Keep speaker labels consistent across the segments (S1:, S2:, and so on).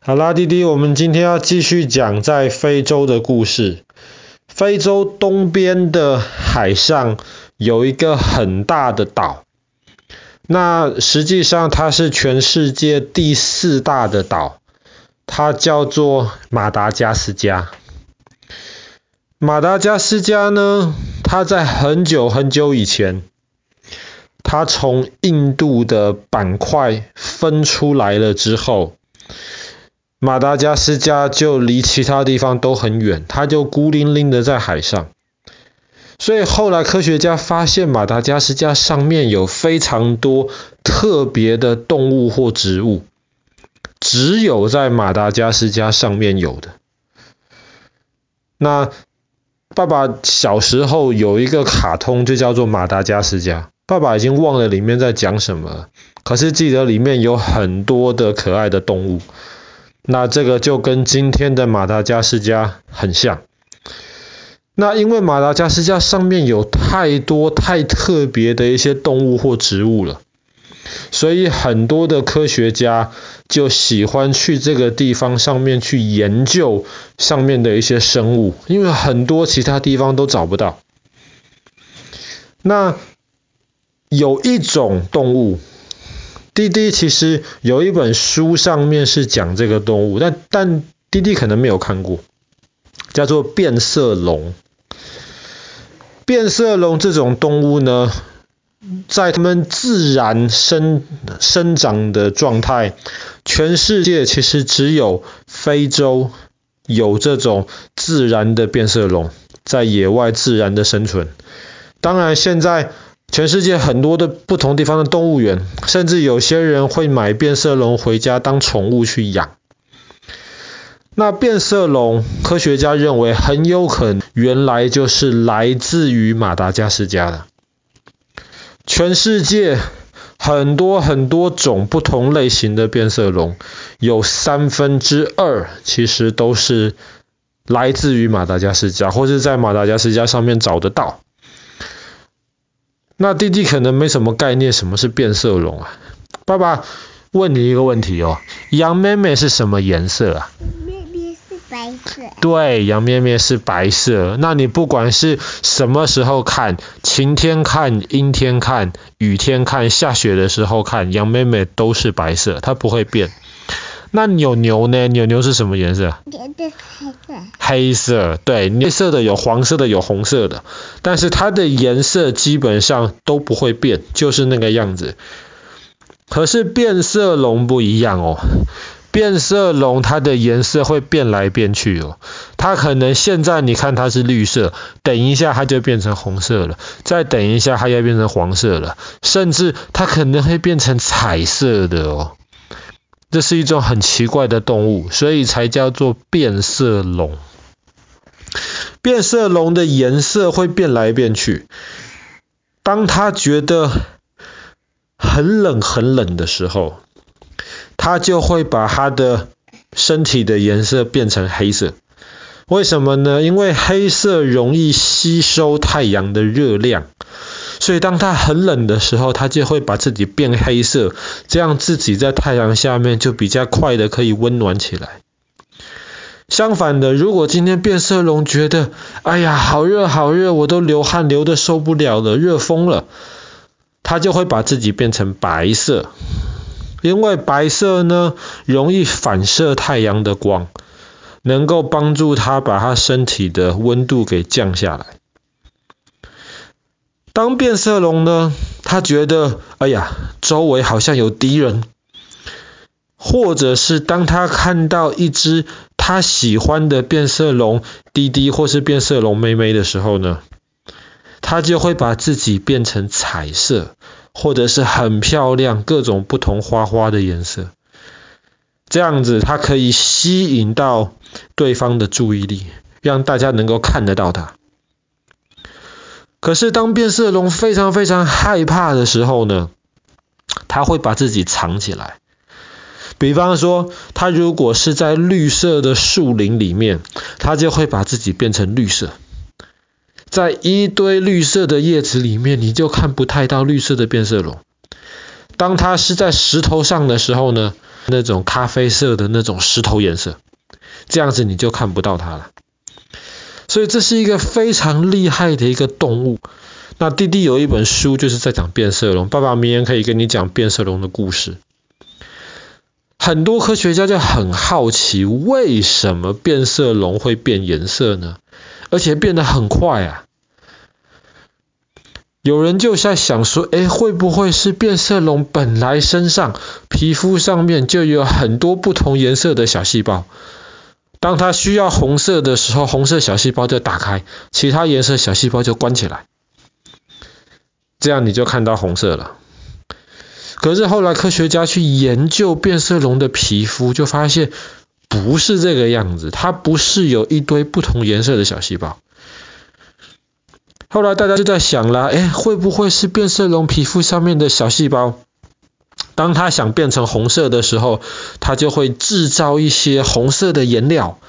S1: 好啦，弟弟，我們今天要繼續講在非洲的故事。非洲東邊的海上有一個很大的島，那實際上它是全世界第四大的島，它叫做馬達加斯加。馬達加斯加呢，它在很久很久以前，它從印度的板塊分出來了之後。馬達加斯加就離其他地方都很遠，它就孤零零的在海上。所以後來科學家發現馬達加斯加上面有非常多特別的動物或植物，只有在馬達加斯加上面有的。那爸爸小時候有一個卡通，就叫做馬達加斯加。爸爸已經忘了裡面在講什麼了，可是記得裡面有很多的可愛的動物。那這個就跟今天的馬達加斯加很像。那因為馬達加斯加上面有太多太特別的一些動物或植物了，所以很多的科學家就喜歡去這個地方上面去研究上面的一些生物，因為很多其他地方都找不到。那有一種動物。弟弟其實有一本書上面是講這個動物，但但弟弟可能沒有看過，叫做變色龍。變色龍這種動物呢，在它們自然生生長的狀態，全世界其實只有非洲有這種自然的變色龍，在野外自然的生存。當然現在。全世界很多的不同地方的動物園，甚至有些人會買變色龍回家當寵物去養。那變色龍，科學家認為很有可能原來就是來自於馬達加斯加的。全世界很多很多種不同類型的變色龍，有三分之二其實都是來自於馬達加斯加，或是在馬達加斯加上面找得到。那弟弟可能沒什麼概念，什麼是變色龍啊？爸爸問你一個問題哦，楊妹妹是什麼顏色啊？妹妹是白色。對，楊妹妹是白色。那你不管是什麼時候看，晴天看、陰天看、雨天看、下雪的時候看，楊妹妹都是白色，它不會變。那牛牛呢？牛牛是什麼顏色？黑色。黑色，對，黑色的有黃色的有紅色的，但是它的顏色基本上都不會變，就是那個樣子。可是變色龍不一樣哦，變色龍它的顏色會變來變去哦，它可能現在你看它是綠色，等一下它就變成紅色了，再等一下它又變成黃色了，甚至它可能會變成彩色的哦。這是一種很奇怪的動物，所以才叫做變色龍。變色龍的顏色會變來變去，當它覺得很冷很冷的時候，它就會把它的身體的顏色變成黑色。為什麼呢？因為黑色容易吸收太陽的熱量。所以當它很冷的時候，它就會把自己變黑色，這樣自己在太陽下面就比較快的可以溫暖起來。相反的，如果今天變色龍覺得，哎呀，好熱好熱，我都流汗流的受不了了，熱瘋了，它就會把自己變成白色，因為白色呢，容易反射太陽的光，能夠幫助它把它身體的溫度給降下來。當變色龍呢，他覺得哎呀，周圍好像有敵人，或者是當他看到一隻他喜歡的變色龍弟弟或是變色龍妹妹的時候呢，他就會把自己變成彩色，或者是很漂亮、各種不同花花的顏色，這樣子他可以吸引到對方的注意力，讓大家能夠看得到他。可是當變色龍非常非常害怕的時候呢，它會把自己藏起來。比方說，它如果是在綠色的樹林裡面，它就會把自己變成綠色。在一堆綠色的葉子裡面，你就看不太到綠色的變色龍。當它是在石頭上的時候呢，那種咖啡色的那種石頭顏色，這樣子你就看不到它了。所以這是一個非常厲害的一個動物。那弟弟有一本書就是在講變色龍，爸爸明天可以跟你講變色龍的故事。很多科學家就很好奇，為什麼變色龍會變顏色呢？而且變得很快啊！有人就在想說，哎，會不會是變色龍本來身上皮膚上面就有很多不同顏色的小細胞？當它需要紅色的時候，紅色小細胞就打開，其他顏色小細胞就關起來，這樣你就看到紅色了。可是後來科學家去研究變色龍的皮膚，就發現不是這個樣子，它不是有一堆不同顏色的小細胞。後來大家就在想啦，誒，會不會是變色龍皮膚上面的小細胞？當它想變成紅色的時候，它就會製造一些紅色的顏料；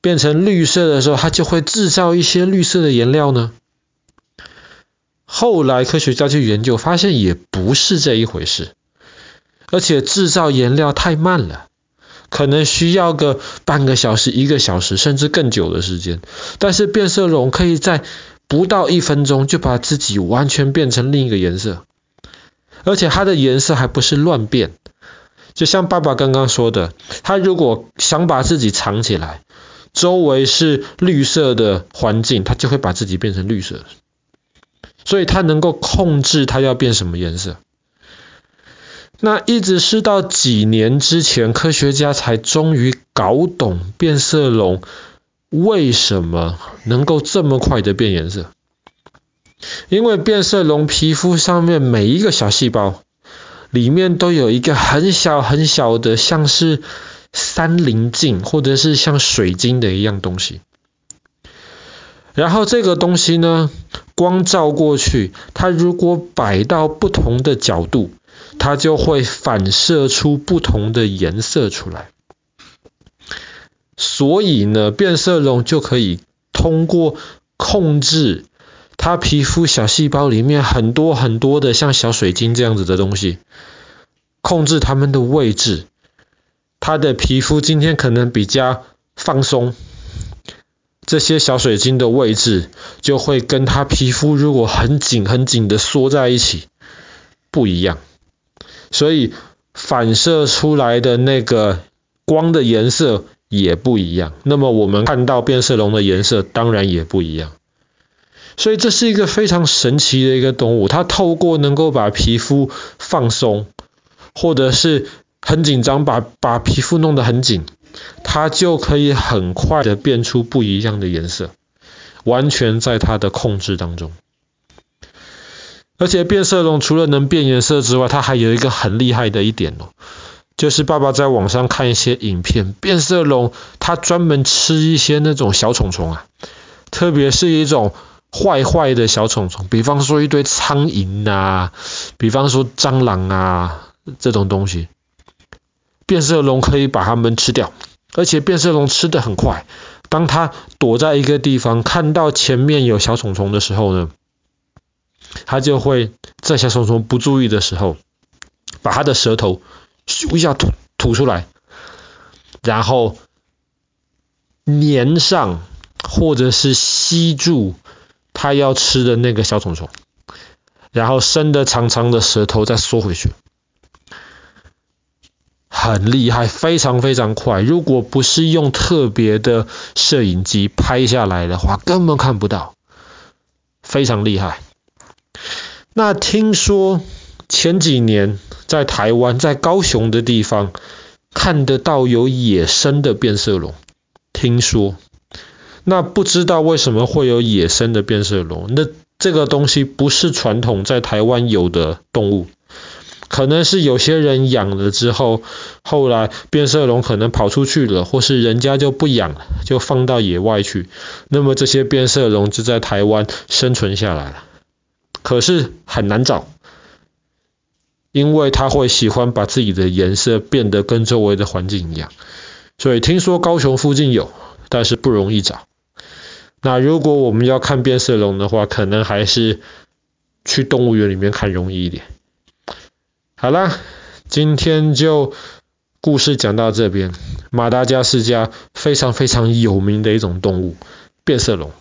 S1: 變成綠色的時候，它就會製造一些綠色的顏料呢。後來科學家去研究，發現也不是這一回事，而且製造顏料太慢了，可能需要個半個小時、一個小時，甚至更久的時間。但是變色龍可以在不到一分鐘就把自己完全變成另一個顏色。而且它的顏色還不是亂變，就像爸爸剛剛說的，它如果想把自己藏起來，周圍是綠色的環境，它就會把自己變成綠色，所以它能夠控制它要變什麼顏色。那一直是到幾年之前，科學家才終於搞懂變色龍為什麼能夠這麼快的變顏色。因為變色龍皮膚上面每一個小細胞裡面都有一個很小很小的，像是三稜鏡或者是像水晶的一樣東西。然後這個東西呢，光照過去，它如果擺到不同的角度，它就會反射出不同的顏色出來。所以呢，變色龍就可以通過控制。他皮膚小細胞裡面很多很多的像小水晶這樣子的東西，控制它們的位置。它的皮膚今天可能比較放鬆，這些小水晶的位置就會跟它皮膚如果很緊很緊的縮在一起不一樣，所以反射出來的那個光的顏色也不一樣。那麼我們看到變色龍的顏色當然也不一樣。所以這是一個非常神奇的一個動物，它透過能夠把皮膚放鬆，或者是很緊張把，把把皮膚弄得很緊，它就可以很快的變出不一樣的顏色，完全在它的控制當中。而且變色龍除了能變顏色之外，它還有一個很厲害的一點哦，就是爸爸在網上看一些影片，變色龍它專門吃一些那種小蟲蟲啊，特別是一種。壞壞的小蟲蟲，比方說一堆蒼蠅啊，比方說蟑螂啊這種東西，變色龍可以把它們吃掉，而且變色龍吃得很快。當它躲在一個地方，看到前面有小蟲蟲的時候呢，它就會在小蟲蟲不注意的時候，把它的舌頭咻一下吐吐出來，然後黏上或者是吸住。它要吃的那個小蟲蟲，然後伸得長長的舌頭再縮回去，很厲害，非常非常快。如果不是用特別的攝影機拍下來的話，根本看不到，非常厲害。那聽說前幾年在台灣，在高雄的地方看得到有野生的變色龍，聽說。那不知道為什麼會有野生的變色龍？那這個東西不是傳統在台灣有的動物，可能是有些人養了之後，後來變色龍可能跑出去了，或是人家就不養，就放到野外去。那麼這些變色龍就在台灣生存下來了，可是很難找，因為它會喜歡把自己的顏色變得跟周圍的環境一樣。所以聽說高雄附近有，但是不容易找。那如果我們要看變色龍的話，可能還是去動物園裡面看容易一點。好啦，今天就故事講到這邊。馬達加斯加非常非常有名的一種動物——變色龍。